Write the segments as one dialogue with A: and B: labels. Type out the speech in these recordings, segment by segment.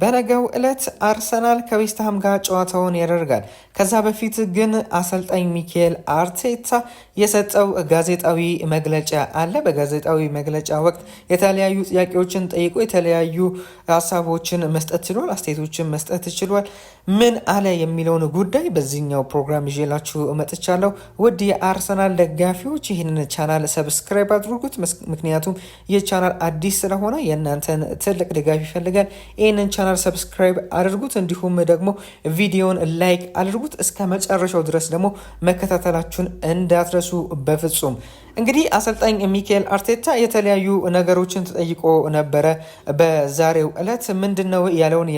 A: በነገው ዕለት አርሰናል ከዌስትሃም ጋር ጨዋታውን ያደርጋል። ከዛ በፊት ግን አሰልጣኝ ሚካኤል አርቴታ የሰጠው ጋዜጣዊ መግለጫ አለ። በጋዜጣዊ መግለጫ ወቅት የተለያዩ ጥያቄዎችን ጠይቆ የተለያዩ ሀሳቦችን መስጠት ችሏል፣ አስተያየቶችን መስጠት ችሏል። ምን አለ የሚለውን ጉዳይ በዚህኛው ፕሮግራም ይዤላችሁ መጥቻለሁ። ውድ የአርሰናል ደጋፊዎች ይህንን ቻናል ሰብስክራይብ አድርጉት፣ ምክንያቱም ይህ ቻናል አዲስ ስለሆነ የእናንተን ትልቅ ድጋፍ ይፈልጋል። ይህንን ቻናል ሰብስክራይብ አድርጉት፣ እንዲሁም ደግሞ ቪዲዮን ላይክ አድርጉት። እስከ መጨረሻው ድረስ ደግሞ መከታተላችሁን እንዳትረሱ በፍጹም እንግዲህ አሰልጣኝ ሚካኤል አርቴታ የተለያዩ ነገሮችን ተጠይቆ ነበረ። በዛሬው ዕለት ምንድን ነው ያለውን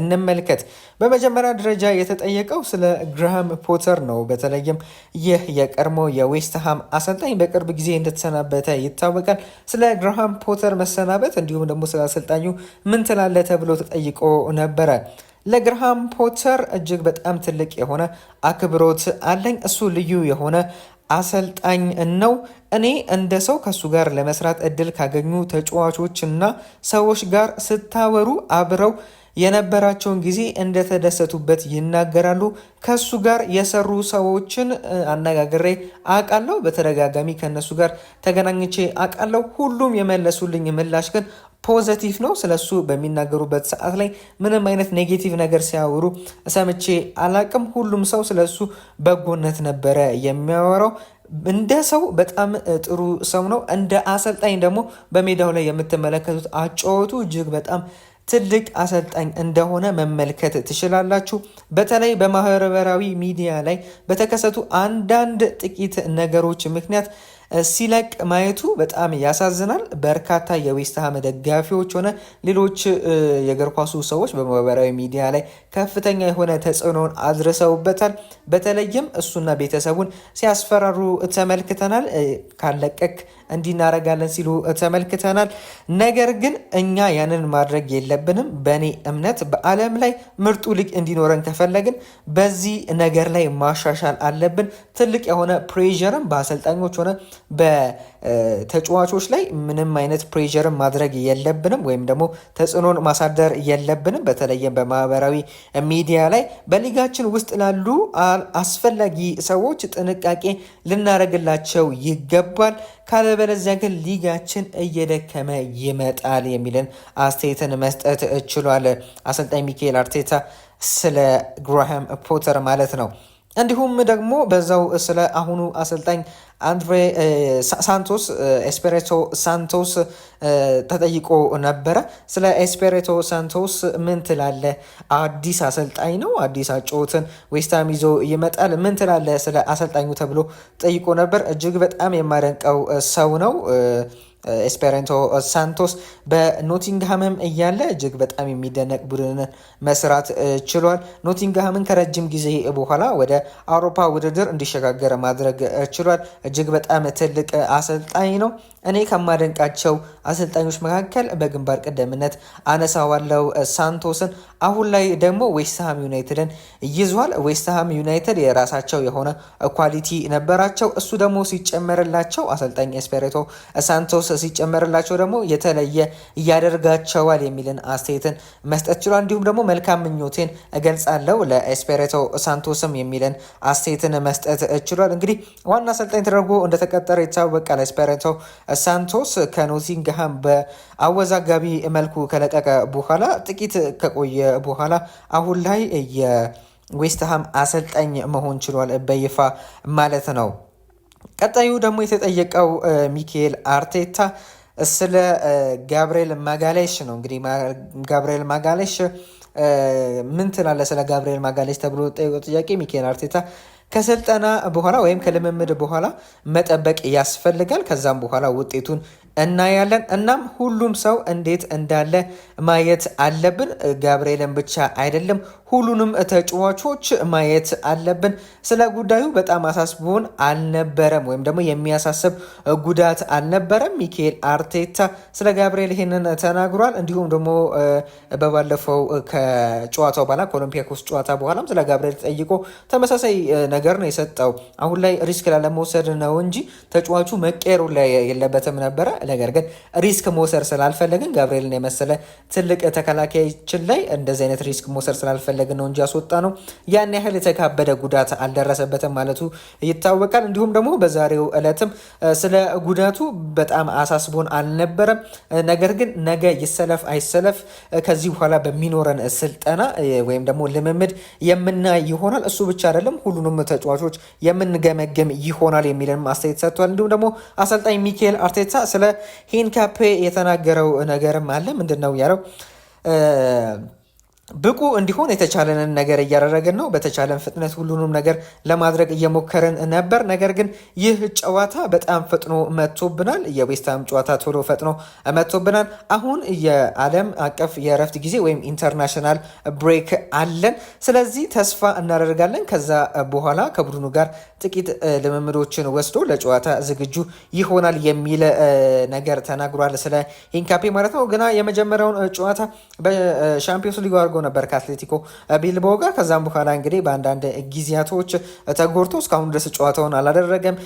A: እንመልከት። በመጀመሪያ ደረጃ የተጠየቀው ስለ ግራሃም ፖተር ነው። በተለይም ይህ የቀድሞ የዌስትሃም አሰልጣኝ በቅርብ ጊዜ እንደተሰናበተ ይታወቃል። ስለ ግራሃም ፖተር መሰናበት እንዲሁም ደግሞ ስለ አሰልጣኙ ምን ትላለ ተብሎ ተጠይቆ ነበረ። ለግርሃም ፖተር እጅግ በጣም ትልቅ የሆነ አክብሮት አለኝ። እሱ ልዩ የሆነ አሰልጣኝ ነው። እኔ እንደ ሰው ከሱ ጋር ለመስራት እድል ካገኙ ተጫዋቾች እና ሰዎች ጋር ስታወሩ አብረው የነበራቸውን ጊዜ እንደተደሰቱበት ይናገራሉ። ከሱ ጋር የሰሩ ሰዎችን አነጋግሬ አውቃለሁ። በተደጋጋሚ ከነሱ ጋር ተገናኝቼ አውቃለሁ። ሁሉም የመለሱልኝ ምላሽ ግን ፖዘቲቭ ነው። ስለሱ በሚናገሩበት ሰዓት ላይ ምንም አይነት ኔጌቲቭ ነገር ሲያወሩ ሰምቼ አላቅም። ሁሉም ሰው ስለሱ በጎነት ነበረ የሚያወራው። እንደ ሰው በጣም ጥሩ ሰው ነው። እንደ አሰልጣኝ ደግሞ በሜዳው ላይ የምትመለከቱት አጫወቱ እጅግ በጣም ትልቅ አሰልጣኝ እንደሆነ መመልከት ትችላላችሁ። በተለይ በማህበራዊ ሚዲያ ላይ በተከሰቱ አንዳንድ ጥቂት ነገሮች ምክንያት ሲለቅ ማየቱ በጣም ያሳዝናል። በርካታ የዌስትሃም ደጋፊዎች ሆነ ሌሎች የእግር ኳሱ ሰዎች በማህበራዊ ሚዲያ ላይ ከፍተኛ የሆነ ተጽዕኖውን አድርሰውበታል። በተለይም እሱና ቤተሰቡን ሲያስፈራሩ ተመልክተናል። ካለቀክ እንዲናረጋለን ሲሉ ተመልክተናል። ነገር ግን እኛ ያንን ማድረግ የለብንም። በእኔ እምነት በዓለም ላይ ምርጡ ሊግ እንዲኖረን ከፈለግን በዚህ ነገር ላይ ማሻሻል አለብን። ትልቅ የሆነ ፕሬዠርም በአሰልጣኞች ሆነ በተጫዋቾች ላይ ምንም አይነት ፕሬዠርን ማድረግ የለብንም ወይም ደግሞ ተጽዕኖን ማሳደር የለብንም። በተለይም በማህበራዊ ሚዲያ ላይ በሊጋችን ውስጥ ላሉ አስፈላጊ ሰዎች ጥንቃቄ ልናደርግላቸው ይገባል። ካለበለዚያ ግን ሊጋችን እየደከመ ይመጣል የሚልን አስተያየትን መስጠት ችሏል አሰልጣኝ ሚካኤል አርቴታ ስለ ግራሃም ፖተር ማለት ነው። እንዲሁም ደግሞ በዛው ስለ አሁኑ አሰልጣኝ አንድሬ ሳንቶስ ኤስፔሬቶ ሳንቶስ ተጠይቆ ነበረ። ስለ ኤስፔሬቶ ሳንቶስ ምን ትላለ? አዲስ አሰልጣኝ ነው። አዲስ አጨዋወትን ዌስትሃም ይዞ ይመጣል። ምን ትላለ? ስለ አሰልጣኙ ተብሎ ጠይቆ ነበር። እጅግ በጣም የማደንቀው ሰው ነው። ኤስፔሬንቶ ሳንቶስ በኖቲንግሃምም እያለ እጅግ በጣም የሚደነቅ ቡድን መስራት ችሏል። ኖቲንግሃምን ከረጅም ጊዜ በኋላ ወደ አውሮፓ ውድድር እንዲሸጋገር ማድረግ ችሏል። እጅግ በጣም ትልቅ አሰልጣኝ ነው። እኔ ከማደንቃቸው አሰልጣኞች መካከል በግንባር ቀደምነት አነሳዋለው ሳንቶስን። አሁን ላይ ደግሞ ዌስትሃም ዩናይትድን ይዟል። ዌስትሃም ዩናይትድ የራሳቸው የሆነ ኳሊቲ ነበራቸው። እሱ ደግሞ ሲጨመርላቸው፣ አሰልጣኝ ኤስፔሪቶ ሳንቶስ ሲጨመርላቸው ደግሞ የተለየ እያደርጋቸዋል የሚልን አስተያየትን መስጠት ችሏል። እንዲሁም ደግሞ መልካም ምኞቴን እገልጻለው ለኤስፔሪቶ ሳንቶስም የሚልን አስተያየትን መስጠት ችሏል። እንግዲህ ዋና አሰልጣኝ ተደርጎ እንደተቀጠረ ይታወቃል ኤስፔሪቶ ሳንቶስ ከኖቲንግሃም በአወዛጋቢ መልኩ ከለቀቀ በኋላ ጥቂት ከቆየ በኋላ አሁን ላይ የዌስትሃም አሰልጣኝ መሆን ችሏል በይፋ ማለት ነው። ቀጣዩ ደግሞ የተጠየቀው ሚካኤል አርቴታ ስለ ጋብርኤል ማጋሌሽ ነው። እንግዲህ ጋብርኤል ማጋሌሽ ምን ትላለህ ስለ ጋብርኤል ማጋሌሽ ተብሎ ጠይቆ ጥያቄ ሚኬል አርቴታ ከስልጠና በኋላ ወይም ከልምምድ በኋላ መጠበቅ ያስፈልጋል። ከዛም በኋላ ውጤቱን እናያለን። እናም ሁሉም ሰው እንዴት እንዳለ ማየት አለብን። ጋብርኤልን ብቻ አይደለም፣ ሁሉንም ተጫዋቾች ማየት አለብን። ስለ ጉዳዩ በጣም አሳስቦን አልነበረም፣ ወይም ደግሞ የሚያሳስብ ጉዳት አልነበረም። ሚኬል አርቴታ ስለ ጋብርኤል ይሄንን ተናግሯል። እንዲሁም ደግሞ በባለፈው ከጨዋታው በኋላ ከኦሎምፒያኮስ ጨዋታ በኋላም ስለ ጋብርኤል ተጠይቆ ተመሳሳይ ነገር ነው የሰጠው። አሁን ላይ ሪስክ ላለመውሰድ ነው እንጂ ተጫዋቹ መቀየሩ ላይ የለበትም ነበረ ነገር ግን ሪስክ መውሰድ ስላልፈለግን ጋብርኤልን የመሰለ ትልቅ ተከላካያችን ላይ እንደዚህ አይነት ሪስክ መውሰድ ስላልፈለግን ነው እንጂ ያስወጣ ነው ያን ያህል የተካበደ ጉዳት አልደረሰበትም ማለቱ ይታወቃል። እንዲሁም ደግሞ በዛሬው እለትም ስለ ጉዳቱ በጣም አሳስቦን አልነበረም። ነገር ግን ነገ ይሰለፍ አይሰለፍ ከዚህ በኋላ በሚኖረን ስልጠና ወይም ደግሞ ልምምድ የምናይ ይሆናል። እሱ ብቻ አይደለም ሁሉንም ተጫዋቾች የምንገመግም ይሆናል የሚልንም አስተያየት ሰጥቷል። እንዲሁም ደግሞ አሰልጣኝ ሚካኤል አርቴታ ስለ ሂንካፔ የተናገረው ነገርም አለ። ምንድን ነው ያለው? ብቁ እንዲሆን የተቻለንን ነገር እያደረግን ነው። በተቻለን ፍጥነት ሁሉንም ነገር ለማድረግ እየሞከርን ነበር። ነገር ግን ይህ ጨዋታ በጣም ፈጥኖ መጥቶብናል። የዌስትሃም ጨዋታ ቶሎ ፈጥኖ መጥቶብናል። አሁን የዓለም አቀፍ የእረፍት ጊዜ ወይም ኢንተርናሽናል ብሬክ አለን። ስለዚህ ተስፋ እናደርጋለን ከዛ በኋላ ከቡድኑ ጋር ጥቂት ልምምዶችን ወስዶ ለጨዋታ ዝግጁ ይሆናል የሚል ነገር ተናግሯል። ስለ ሂንካፔ ማለት ነው። ግና የመጀመሪያውን ጨዋታ በሻምፒዮንስ ሊግ አድርጎ ነበር ከአትሌቲኮ ቢልቦ ጋር። ከዛም በኋላ እንግዲህ በአንዳንድ ጊዜያቶች ተጎድቶ እስካሁን ድረስ ጨዋታውን አላደረገም።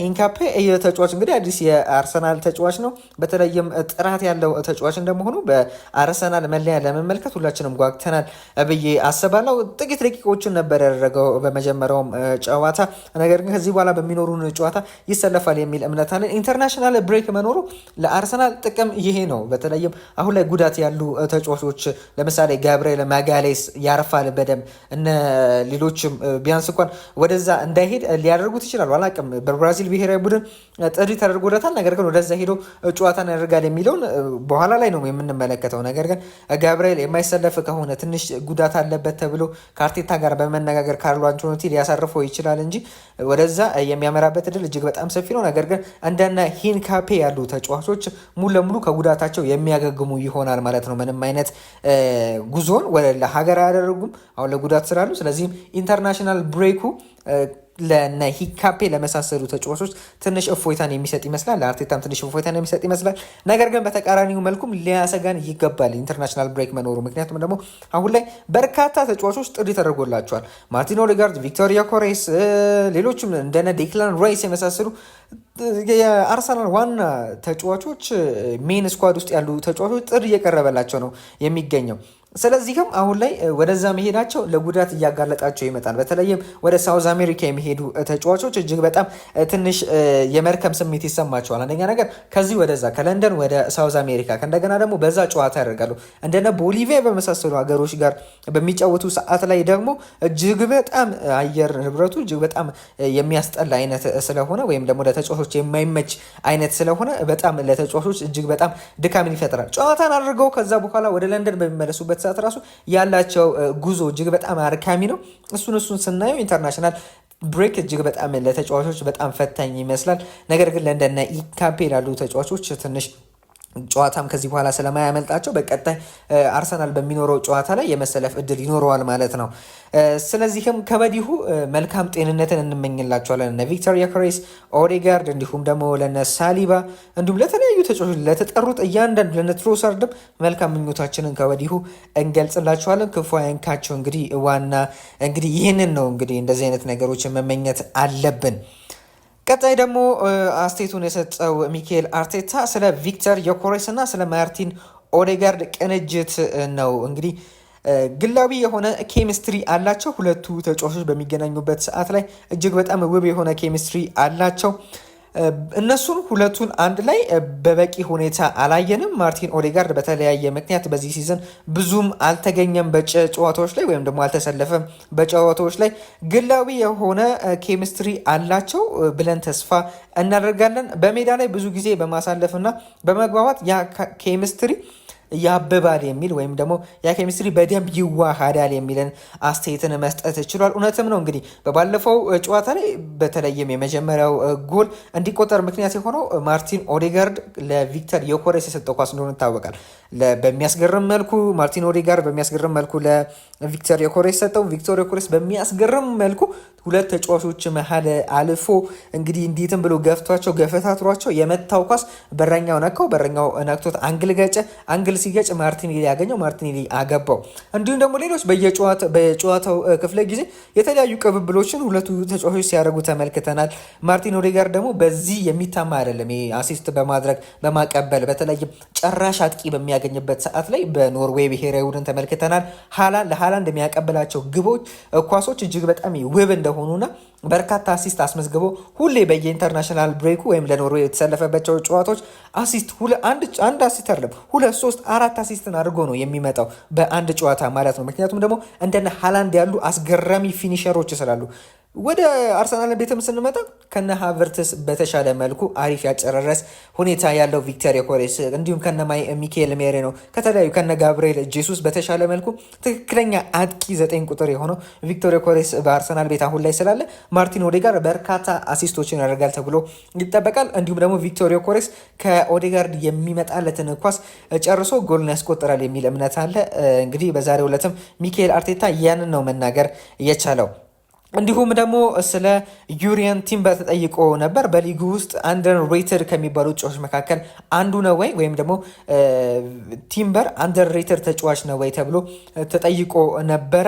A: ሂንካፔ ተጫዋች እንግዲህ አዲስ የአርሰናል ተጫዋች ነው። በተለይም ጥራት ያለው ተጫዋች እንደመሆኑ በአርሰናል መለያ ለመመልከት ሁላችንም ጓግተናል ብዬ አስባለሁ። ጥቂት ደቂቆችን ነበር ያደረገው በመጀመሪያውም ጨዋታ፣ ነገር ግን ከዚህ በኋላ በሚኖሩን ጨዋታ ይሰለፋል የሚል እምነት አለን። ኢንተርናሽናል ብሬክ መኖሩ ለአርሰናል ጥቅም ይሄ ነው። በተለይም አሁን ላይ ጉዳት ያሉ ተጫዋቾች ለምሳሌ ጋብርኤል ማጋሌስ ያርፋል በደም እነ ሌሎችም ቢያንስ እንኳን ወደዛ እንዳይሄድ ሊያደርጉት ይችላሉ። አላቅም በብራዚል ብሔራዊ ቡድን ጥሪ ተደርጎለታል። ነገር ግን ወደዛ ሄዶ ጨዋታን ያደርጋል የሚለውን በኋላ ላይ ነው የምንመለከተው። ነገር ግን ጋብርኤል የማይሰለፍ ከሆነ ትንሽ ጉዳት አለበት ተብሎ ከአርቴታ ጋር በመነጋገር ካርሎ አንቸሎቲ ሊያሳርፈው ይችላል እንጂ ወደዛ የሚያመራበት እድል እጅግ በጣም ሰፊ ነው። ነገር ግን እንደነ ሂንካፔ ያሉ ተጫዋቾች ሙሉ ለሙሉ ከጉዳታቸው የሚያገግሙ ይሆናል ማለት ነው ምንም አይነት ጉዞን ሳይሆን ወደ ለሀገር አያደረጉም። አሁን ለጉዳት ስላሉ፣ ስለዚህም ኢንተርናሽናል ብሬኩ ለነ ሂካፔ ለመሳሰሉ ተጫዋቾች ትንሽ እፎይታን የሚሰጥ ይመስላል። ለአርቴታም ትንሽ እፎይታን የሚሰጥ ይመስላል። ነገር ግን በተቃራኒው መልኩም ሊያሰጋን ይገባል ኢንተርናሽናል ብሬክ መኖሩ። ምክንያቱም ደግሞ አሁን ላይ በርካታ ተጫዋቾች ጥሪ ተደርጎላቸዋል። ማርቲን ኦሊጋርድ ቪክቶሪያ ኮሬስ፣ ሌሎችም እንደነ ዴክላን ራይስ የመሳሰሉ የአርሰናል ዋና ተጫዋቾች ሜን ስኳድ ውስጥ ያሉ ተጫዋቾች ጥሪ እየቀረበላቸው ነው የሚገኘው። ስለዚህም አሁን ላይ ወደዛ መሄዳቸው ለጉዳት እያጋለጣቸው ይመጣል። በተለይም ወደ ሳውዝ አሜሪካ የሚሄዱ ተጫዋቾች እጅግ በጣም ትንሽ የመርከም ስሜት ይሰማቸዋል። አንደኛ ነገር ከዚህ ወደዛ ከለንደን ወደ ሳውዝ አሜሪካ ከእንደገና ደግሞ በዛ ጨዋታ ያደርጋሉ። እንደነ ቦሊቪያ በመሳሰሉ ሀገሮች ጋር በሚጫወቱ ሰዓት ላይ ደግሞ እጅግ በጣም አየር ንብረቱ እጅግ በጣም የሚያስጠላ አይነት ስለሆነ ወይም ደግሞ ለተጫዋቾች የማይመች አይነት ስለሆነ በጣም ለተጫዋቾች እጅግ በጣም ድካምን ይፈጥራል። ጨዋታን አድርገው ከዛ በኋላ ወደ ለንደን በሚመለሱበት ሰዓት ራሱ ያላቸው ጉዞ እጅግ በጣም አርካሚ ነው። እሱን እሱን ስናየው ኢንተርናሽናል ብሬክ እጅግ በጣም ለተጫዋቾች በጣም ፈታኝ ይመስላል። ነገር ግን ለእንደነ ኢካፔ ላሉ ተጫዋቾች ትንሽ ጨዋታም ከዚህ በኋላ ስለማያመልጣቸው በቀጣይ አርሰናል በሚኖረው ጨዋታ ላይ የመሰለፍ እድል ይኖረዋል ማለት ነው። ስለዚህም ከበዲሁ መልካም ጤንነትን እንመኝላቸዋለን እነ ቪክተር ያከሬስ፣ ኦዴጋርድ እንዲሁም ደግሞ ለነ ሳሊባ እንዲሁም ለተለያዩ ተጫዋቾች ለተጠሩት እያንዳንዱ ለነ ትሮሳርድም መልካም ምኞታችንን ከበዲሁ እንገልጽላቸዋለን። ክፉ አይንካቸው። እንግዲህ ዋና እንግዲህ ይህንን ነው እንግዲህ እንደዚህ አይነት ነገሮችን መመኘት አለብን። ቀጣይ ደግሞ አስቴቱን የሰጠው ሚካኤል አርቴታ ስለ ቪክተር ዮኮሬስ እና ስለ ማርቲን ኦዴጋርድ ቅንጅት ነው። እንግዲህ ግላዊ የሆነ ኬሚስትሪ አላቸው። ሁለቱ ተጫዋቾች በሚገናኙበት ሰዓት ላይ እጅግ በጣም ውብ የሆነ ኬሚስትሪ አላቸው። እነሱን ሁለቱን አንድ ላይ በበቂ ሁኔታ አላየንም። ማርቲን ኦዴጋርድ በተለያየ ምክንያት በዚህ ሲዝን ብዙም አልተገኘም በጨዋታዎች ላይ ወይም ደግሞ አልተሰለፈም በጨዋታዎች ላይ። ግላዊ የሆነ ኬሚስትሪ አላቸው ብለን ተስፋ እናደርጋለን። በሜዳ ላይ ብዙ ጊዜ በማሳለፍና በመግባባት ያ ኬሚስትሪ ያብባል የሚል ወይም ደግሞ ያ ኬሚስትሪ በደንብ ይዋሃዳል የሚልን አስተያየትን መስጠት ችሏል። እውነትም ነው እንግዲህ በባለፈው ጨዋታ ላይ በተለይም የመጀመሪያው ጎል እንዲቆጠር ምክንያት የሆነው ማርቲን ኦዴጋርድ ለቪክተር ዮኮሬስ የሰጠው ኳስ እንደሆነ ይታወቃል። በሚያስገርም መልኩ ማርቲን ኦዴጋርድ በሚያስገርም መልኩ ለቪክተር ዮኮሬስ ሰጠው። ቪክተር ዮኮሬስ በሚያስገርም መልኩ ሁለት ተጫዋቾች መሀል አልፎ እንግዲህ እንዴትም ብሎ ገፍቷቸው ገፈታትሯቸው የመታው ኳስ በረኛው ነካው። በረኛው ነክቶት አንግል ገጨ። አንግል ድል ሲገጭ ማርቲኔሊ ያገኘው ማርቲኔሊ አገባው። እንዲሁም ደግሞ ሌሎች በጨዋታው ክፍለ ጊዜ የተለያዩ ቅብብሎችን ሁለቱ ተጫዋቾች ሲያደርጉ ተመልክተናል። ማርቲን ኦዴጋርድ ደግሞ በዚህ የሚታማ አይደለም። አሲስት በማድረግ በማቀበል በተለይም ጨራሽ አጥቂ በሚያገኝበት ሰዓት ላይ በኖርዌይ ብሔራዊ ቡድን ተመልክተናል። ለሃላንድ የሚያቀብላቸው ግቦች፣ ኳሶች እጅግ በጣም ውብ እንደሆኑና በርካታ አሲስት አስመዝግቦ ሁሌ በየኢንተርናሽናል ብሬኩ ወይም ለኖርዌይ የተሰለፈባቸው ጨዋታዎች አሲስት አንድ አሲስት አይደለም ሁለት ሶስት አራት አሲስትን አድርጎ ነው የሚመጣው በአንድ ጨዋታ ማለት ነው። ምክንያቱም ደግሞ እንደነ ሃላንድ ያሉ አስገራሚ ፊኒሸሮች ስላሉ ወደ አርሰናል ቤትም ስንመጣ ከነ ሀቨርትስ በተሻለ መልኩ አሪፍ ያጨረረስ ሁኔታ ያለው ቪክተር ኮሬስ እንዲሁም ከነ ሚካኤል ሜሬ ነው ከተለያዩ ከነ ጋብርኤል ጄሱስ በተሻለ መልኩ ትክክለኛ አጥቂ ዘጠኝ ቁጥር የሆነው ቪክቶር ኮሬስ በአርሰናል ቤት አሁን ላይ ስላለ ማርቲን ኦዴጋር በርካታ አሲስቶችን ያደርጋል ተብሎ ይጠበቃል። እንዲሁም ደግሞ ቪክቶር ኮሬስ ከኦዴጋርድ የሚመጣለትን ኳስ ጨርሶ ጎልን ያስቆጥራል የሚል እምነት አለ። እንግዲህ በዛሬው ዕለትም ሚካኤል አርቴታ ያንን ነው መናገር የቻለው። እንዲሁም ደግሞ ስለ ዩሪየን ቲምበር ተጠይቆ ነበር። በሊጉ ውስጥ አንደር ሬተር ከሚባሉ ተጫዋቾች መካከል አንዱ ነው ወይ ወይም ደግሞ ቲምበር አንደር ሬተር ተጫዋች ነው ወይ ተብሎ ተጠይቆ ነበረ።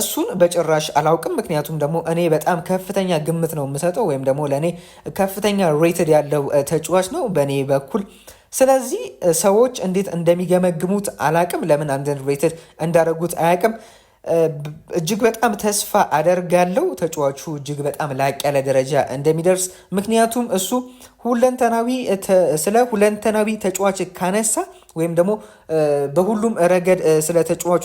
A: እሱን በጭራሽ አላውቅም። ምክንያቱም ደግሞ እኔ በጣም ከፍተኛ ግምት ነው የምሰጠው ወይም ደግሞ ለእኔ ከፍተኛ ሬትድ ያለው ተጫዋች ነው በእኔ በኩል። ስለዚህ ሰዎች እንዴት እንደሚገመግሙት አላቅም። ለምን አንደር ሬትድ እንዳደረጉት አያቅም። እጅግ በጣም ተስፋ አደርጋለሁ ተጫዋቹ እጅግ በጣም ላቅ ያለ ደረጃ እንደሚደርስ። ምክንያቱም እሱ ሁለንተናዊ ስለ ሁለንተናዊ ተጫዋች ካነሳ ወይም ደግሞ በሁሉም ረገድ ስለ ተጫዋቹ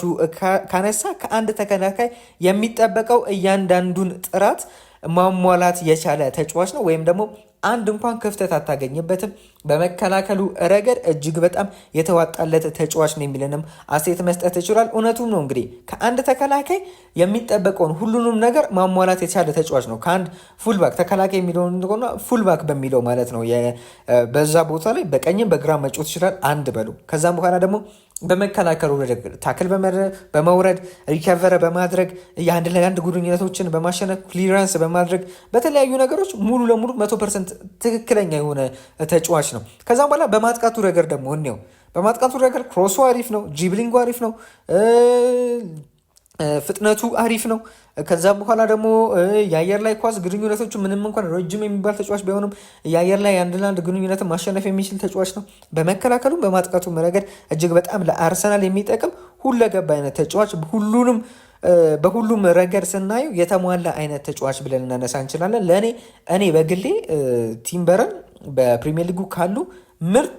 A: ካነሳ ከአንድ ተከላካይ የሚጠበቀው እያንዳንዱን ጥራት ማሟላት የቻለ ተጫዋች ነው ወይም ደግሞ አንድ እንኳን ክፍተት አታገኝበትም። በመከላከሉ ረገድ እጅግ በጣም የተዋጣለት ተጫዋች ነው የሚለንም አስተያየት መስጠት ይችላል። እውነቱም ነው እንግዲህ ከአንድ ተከላካይ የሚጠበቀውን ሁሉንም ነገር ማሟላት የቻለ ተጫዋች ነው። ከአንድ ፉልባክ ተከላካይ የሚለውን እንደሆነ ፉልባክ በሚለው ማለት ነው። በዛ ቦታ ላይ በቀኝም በግራ መጮት ይችላል። አንድ በሉ ከዛም በኋላ ደግሞ በመከላከል ታክል በመውረድ ሪከቨር በማድረግ የአንድ ለአንድ ጉድኝነቶችን በማሸነፍ ክሊራንስ በማድረግ በተለያዩ ነገሮች ሙሉ ለሙሉ መቶ ፐርሰንት ትክክለኛ የሆነ ተጫዋች ነው። ከዛም በኋላ በማጥቃቱ ረገድ ደግሞ እኔው በማጥቃቱ ረገድ ክሮሱ አሪፍ ነው፣ ጂብሊንጉ አሪፍ ነው። ፍጥነቱ አሪፍ ነው። ከዛ በኋላ ደግሞ የአየር ላይ ኳስ ግንኙነቶቹ ምንም እንኳን ረጅም የሚባል ተጫዋች ቢሆንም የአየር ላይ አንድ ለአንድ ግንኙነትን ማሸነፍ የሚችል ተጫዋች ነው። በመከላከሉም በማጥቃቱም ረገድ እጅግ በጣም ለአርሰናል የሚጠቅም ሁለገብ አይነት ተጫዋች ሁሉንም በሁሉም ረገድ ስናየው የተሟላ አይነት ተጫዋች ብለን እናነሳ እንችላለን። ለእኔ እኔ በግሌ ቲምበርን በፕሪሚየር ሊጉ ካሉ ምርጥ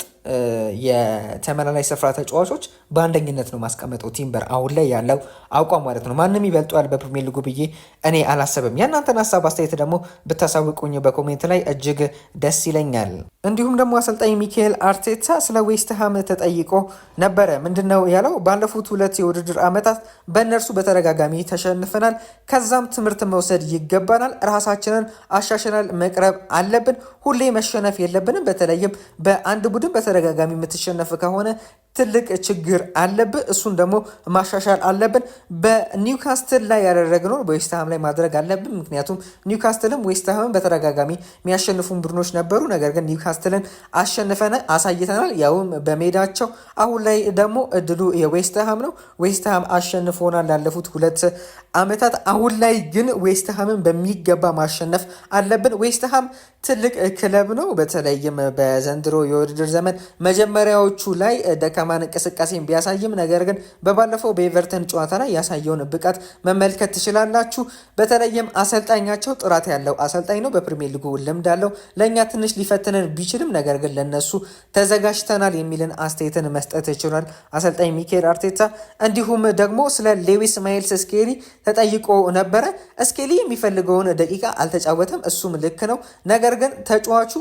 A: የተመላላይ ስፍራ ተጫዋቾች በአንደኝነት ነው ማስቀመጠው ቲምበር አሁን ላይ ያለው አቋም ማለት ነው። ማንም ይበልጠዋል በፕሪሚየር ሊጉ ብዬ እኔ አላሰብም። የእናንተን ሀሳብ አስተያየት ደግሞ ብታሳውቁኝ በኮሜንት ላይ እጅግ ደስ ይለኛል። እንዲሁም ደግሞ አሰልጣኝ ሚካኤል አርቴታ ስለ ዌስትሃም ተጠይቆ ነበረ። ምንድን ነው ያለው? ባለፉት ሁለት የውድድር ዓመታት በእነርሱ በተደጋጋሚ ተሸንፈናል። ከዛም ትምህርት መውሰድ ይገባናል። ራሳችንን አሻሽናል መቅረብ አለብን። ሁሌ መሸነፍ የለብንም። በተለይም በአንድ ቡድን በተ በተደጋጋሚ የምትሸነፍ ከሆነ ትልቅ ችግር አለብን። እሱን ደግሞ ማሻሻል አለብን። በኒውካስትል ላይ ያደረግነው በዌስትሃም ላይ ማድረግ አለብን። ምክንያቱም ኒውካስትልም ዌስትሃምን በተደጋጋሚ የሚያሸንፉን ቡድኖች ነበሩ። ነገር ግን ኒውካስትልን አሸንፈን አሳይተናል፣ ያውም በሜዳቸው። አሁን ላይ ደግሞ እድሉ የዌስትሃም ነው። ዌስትሃም አሸንፎናል ላለፉት ሁለት ዓመታት። አሁን ላይ ግን ዌስትሃምን በሚገባ ማሸነፍ አለብን። ዌስትሃም ትልቅ ክለብ ነው። በተለይም በዘንድሮ የውድድር ዘመን መጀመሪያዎቹ ላይ ደካ ደካማን እንቅስቃሴን ቢያሳይም ነገር ግን በባለፈው በኤቨርተን ጨዋታ ላይ ያሳየውን ብቃት መመልከት ትችላላችሁ። በተለይም አሰልጣኛቸው ጥራት ያለው አሰልጣኝ ነው። በፕሪሚየር ሊጉ ልምድ አለው። ለእኛ ትንሽ ሊፈትንን ቢችልም ነገር ግን ለነሱ ተዘጋጅተናል የሚልን አስተያየትን መስጠት ይችላል አሰልጣኝ ሚካኤል አርቴታ። እንዲሁም ደግሞ ስለ ሌዊስ ማይልስ እስኬሊ ተጠይቆ ነበረ። እስኬሊ የሚፈልገውን ደቂቃ አልተጫወተም፣ እሱም ልክ ነው። ነገር ግን ተጫዋቹ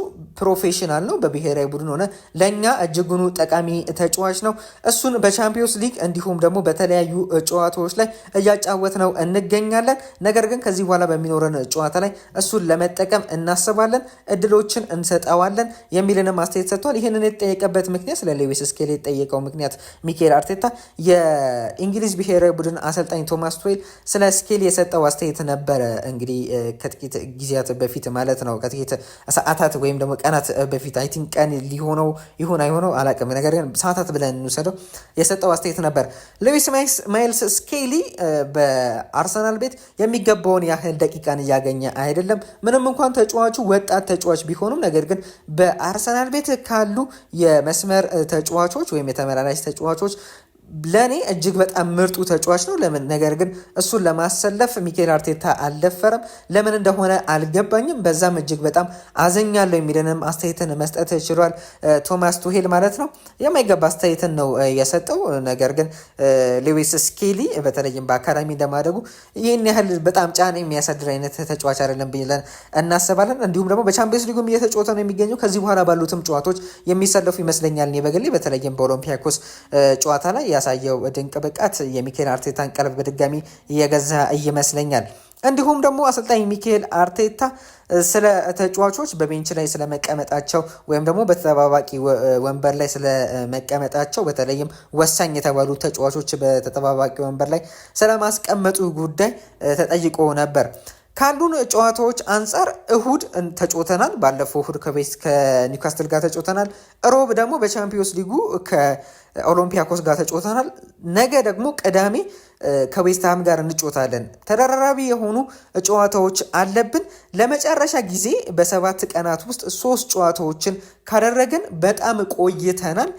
A: ፕሮፌሽናል ነው። በብሔራዊ ቡድን ሆነ ለእኛ እጅጉኑ ጠቃሚ ተጫዋች ተጫዋች ነው። እሱን በቻምፒዮንስ ሊግ እንዲሁም ደግሞ በተለያዩ ጨዋታዎች ላይ እያጫወት ነው እንገኛለን። ነገር ግን ከዚህ በኋላ በሚኖረን ጨዋታ ላይ እሱን ለመጠቀም እናስባለን፣ እድሎችን እንሰጠዋለን የሚልንም አስተያየት ሰጥቷል። ይህንን የተጠየቀበት ምክንያት ስለ ሌዊስ ስኬሊ የጠየቀው ምክንያት ሚካኤል አርቴታ የእንግሊዝ ብሔራዊ ቡድን አሰልጣኝ ቶማስ ቱዌል ስለ ስኬሊ የሰጠው አስተያየት ነበረ። እንግዲህ ከጥቂት ጊዜያት በፊት ማለት ነው ከጥቂት ሰዓታት ወይም ደግሞ ቀናት በፊት አይ ቲንክ ቀን ሊሆነው ይሁን አይሆነው አላውቅም፣ ነገር ግን ሰዓታት ብለን ብለን እንውሰደው የሰጠው አስተያየት ነበር። ሉዊስ ማይልስ ስኬሊ በአርሰናል ቤት የሚገባውን ያህል ደቂቃን እያገኘ አይደለም። ምንም እንኳን ተጫዋቹ ወጣት ተጫዋች ቢሆኑም፣ ነገር ግን በአርሰናል ቤት ካሉ የመስመር ተጫዋቾች ወይም የተመላላሽ ተጫዋቾች ለእኔ እጅግ በጣም ምርጡ ተጫዋች ነው። ለምን ነገር ግን እሱን ለማሰለፍ ሚኬል አርቴታ አልደፈረም። ለምን እንደሆነ አልገባኝም። በዛም እጅግ በጣም አዘኛለሁ የሚለንም አስተያየትን መስጠት ችሏል ቶማስ ቱሄል ማለት ነው። የማይገባ አስተያየትን ነው የሰጠው። ነገር ግን ሌዊስ ስኬሊ በተለይም በአካዳሚ እንደማደጉ ይህን ያህል በጣም ጫና የሚያሳድር አይነት ተጫዋች አይደለም ብለን እናስባለን። እንዲሁም ደግሞ በቻምፒየንስ ሊጉም እየተጫወተ ነው የሚገኘው። ከዚህ በኋላ ባሉትም ጨዋቶች የሚሰለፉ ይመስለኛል። በግሌ በተለይም በኦሎምፒያኮስ ጨዋታ ላይ ያሳየው ድንቅ ብቃት የሚኬል አርቴታን ቀልብ በድጋሚ እየገዛ ይመስለኛል። እንዲሁም ደግሞ አሰልጣኝ ሚካኤል አርቴታ ስለ ተጫዋቾች በቤንች ላይ ስለመቀመጣቸው ወይም ደግሞ በተጠባባቂ ወንበር ላይ ስለመቀመጣቸው በተለይም ወሳኝ የተባሉ ተጫዋቾች በተጠባባቂ ወንበር ላይ ስለማስቀመጡ ጉዳይ ተጠይቆ ነበር። ካሉን ጨዋታዎች አንጻር እሁድ ተጫውተናል። ባለፈው እሁድ ከቤስ ከኒውካስትል ጋር ተጫውተናል። ሮብ ደግሞ በቻምፒዮንስ ሊጉ ከኦሎምፒያኮስ ጋር ተጫውተናል። ነገ ደግሞ ቅዳሜ ከዌስትሃም ጋር እንጮታለን። ተደራራቢ የሆኑ ጨዋታዎች አለብን። ለመጨረሻ ጊዜ በሰባት ቀናት ውስጥ ሶስት ጨዋታዎችን ካደረግን በጣም ቆይተናል።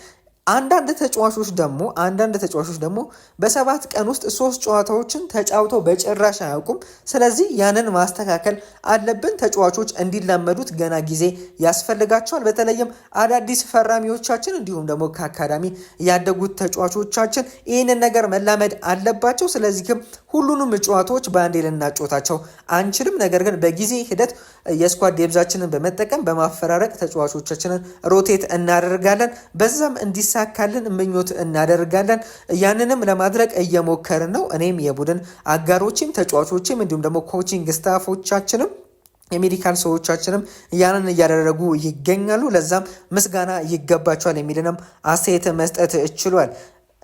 A: አንዳንድ ተጫዋቾች ደግሞ አንዳንድ ተጫዋቾች ደግሞ በሰባት ቀን ውስጥ ሶስት ጨዋታዎችን ተጫውተው በጭራሽ አያውቁም። ስለዚህ ያንን ማስተካከል አለብን። ተጫዋቾች እንዲላመዱት ገና ጊዜ ያስፈልጋቸዋል። በተለይም አዳዲስ ፈራሚዎቻችን እንዲሁም ደግሞ ከአካዳሚ ያደጉት ተጫዋቾቻችን ይህንን ነገር መላመድ አለባቸው። ስለዚህም ሁሉንም ጨዋታዎች በአንዴ ልናጮታቸው አንችልም። ነገር ግን በጊዜ ሂደት የስኳድ ዴብዛችንን በመጠቀም በማፈራረቅ ተጫዋቾቻችንን ሮቴት እናደርጋለን። በዛም እንዲ እንዲሳካልን ምኞት እናደርጋለን። ያንንም ለማድረግ እየሞከርን ነው። እኔም የቡድን አጋሮችም ተጫዋቾችም እንዲሁም ደግሞ ኮቺንግ ስታፎቻችንም የሜዲካል ሰዎቻችንም ያንን እያደረጉ ይገኛሉ። ለዛም ምስጋና ይገባቸዋል የሚልንም አስተያየት መስጠት ችሏል።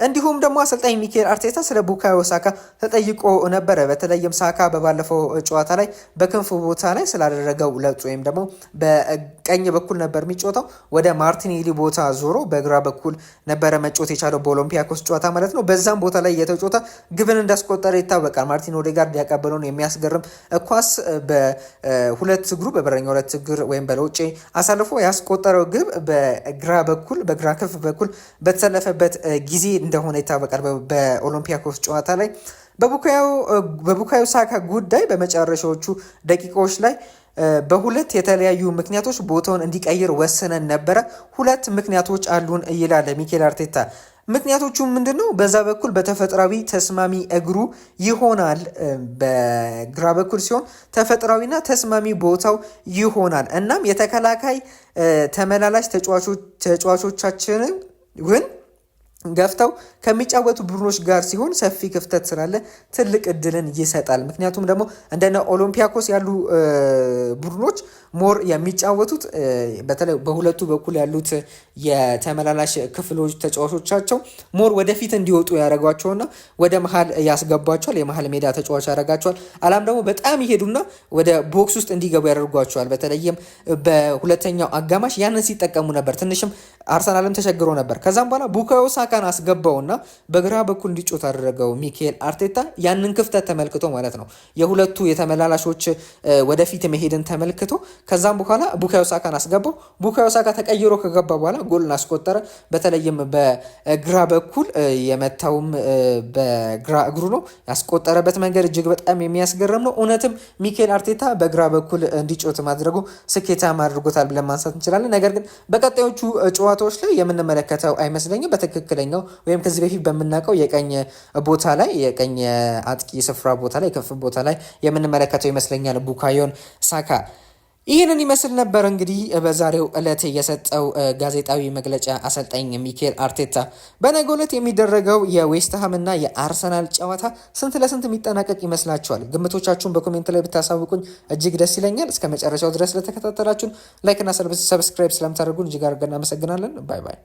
A: እንዲሁም ደግሞ አሰልጣኝ ሚኬል አርቴታ ስለ ቡካዮ ሳካ ተጠይቆ ነበረ። በተለይም ሳካ በባለፈው ጨዋታ ላይ በክንፍ ቦታ ላይ ስላደረገው ለውጥ ወይም ደግሞ በቀኝ በኩል ነበር የሚጫወተው ወደ ማርቲኔሊ ቦታ ዞሮ በግራ በኩል ነበረ መጫወት የቻለው በኦሎምፒያኮስ ጨዋታ ማለት ነው። በዛም ቦታ ላይ የተጫወተ ግብን እንዳስቆጠረ ይታወቃል። ማርቲን ኦዴጋርድ ያቀበለውን የሚያስገርም ኳስ በሁለት እግሩ በበረኛ ሁለት እግር ወይም በለውጭ አሳልፎ ያስቆጠረው ግብ በግራ በኩል በግራ ክንፍ በኩል በተሰለፈበት ጊዜ እንደሆነ ይታወቃል። በኦሎምፒያኮስ ጨዋታ ላይ በቡካዮ ሳካ ጉዳይ በመጨረሻዎቹ ደቂቃዎች ላይ በሁለት የተለያዩ ምክንያቶች ቦታውን እንዲቀይር ወስነን ነበረ። ሁለት ምክንያቶች አሉን ይላለ ሚኬል አርቴታ። ምክንያቶቹ ምንድን ነው? በዛ በኩል በተፈጥሯዊ ተስማሚ እግሩ ይሆናል፣ በግራ በኩል ሲሆን ተፈጥሯዊና ተስማሚ ቦታው ይሆናል። እናም የተከላካይ ተመላላሽ ግን ገፍተው ከሚጫወቱ ቡድኖች ጋር ሲሆን ሰፊ ክፍተት ስላለ ትልቅ እድልን ይሰጣል። ምክንያቱም ደግሞ እንደነ ኦሎምፒያኮስ ያሉ ቡድኖች ሞር የሚጫወቱት በተለይ በሁለቱ በኩል ያሉት የተመላላሽ ክፍሎች ተጫዋቾቻቸው ሞር ወደፊት እንዲወጡ ያደረጓቸውና ወደ መሀል ያስገቧቸዋል። የመሀል ሜዳ ተጫዋች ያደረጋቸዋል። አላም ደግሞ በጣም ይሄዱና ወደ ቦክስ ውስጥ እንዲገቡ ያደርጓቸዋል። በተለይም በሁለተኛው አጋማሽ ያንን ሲጠቀሙ ነበር። ትንሽም አርሰናልም ተቸግሮ ነበር። ከዛም በኋላ ቡካዮሳ ሳካን አስገባውና በግራ በኩል እንዲጮት አደረገው ሚካኤል አርቴታ ያንን ክፍተት ተመልክቶ ማለት ነው። የሁለቱ የተመላላሾች ወደፊት መሄድን ተመልክቶ ከዛም በኋላ ቡካዮ ሳካን አስገባው። ቡካዮ ሳካ ተቀይሮ ከገባ በኋላ ጎልን አስቆጠረ። በተለይም በግራ በኩል የመታውም በግራ እግሩ ነው። ያስቆጠረበት መንገድ እጅግ በጣም የሚያስገርም ነው። እውነትም ሚካኤል አርቴታ በግራ በኩል እንዲጮት ማድረጉ ስኬታማ አድርጎታል ብለን ማንሳት እንችላለን። ነገር ግን በቀጣዮቹ ጨዋታዎች ላይ የምንመለከተው አይመስለኝም በትክክል በመካከለኛው ወይም ከዚህ በፊት በምናውቀው የቀኝ ቦታ ላይ የቀኝ አጥቂ ስፍራ ቦታ ላይ የክንፍ ቦታ ላይ የምንመለከተው ይመስለኛል ቡካዮን ሳካ። ይህንን ይመስል ነበር እንግዲህ በዛሬው ዕለት የሰጠው ጋዜጣዊ መግለጫ አሰልጣኝ ሚኬል አርቴታ። በነገው ዕለት የሚደረገው እና የአርሰናል ጨዋታ ስንት ለስንት የሚጠናቀቅ ይመስላችኋል? ግምቶቻችሁን በኮሜንት ላይ ብታሳውቁኝ እጅግ ደስ ይለኛል። እስከ መጨረሻው ድረስ ለተከታተላችሁን ላይክና ሰብስክራይብ ስለምታደርጉን እጅግ አድርገን እናመሰግናለን። ባይ ባይ።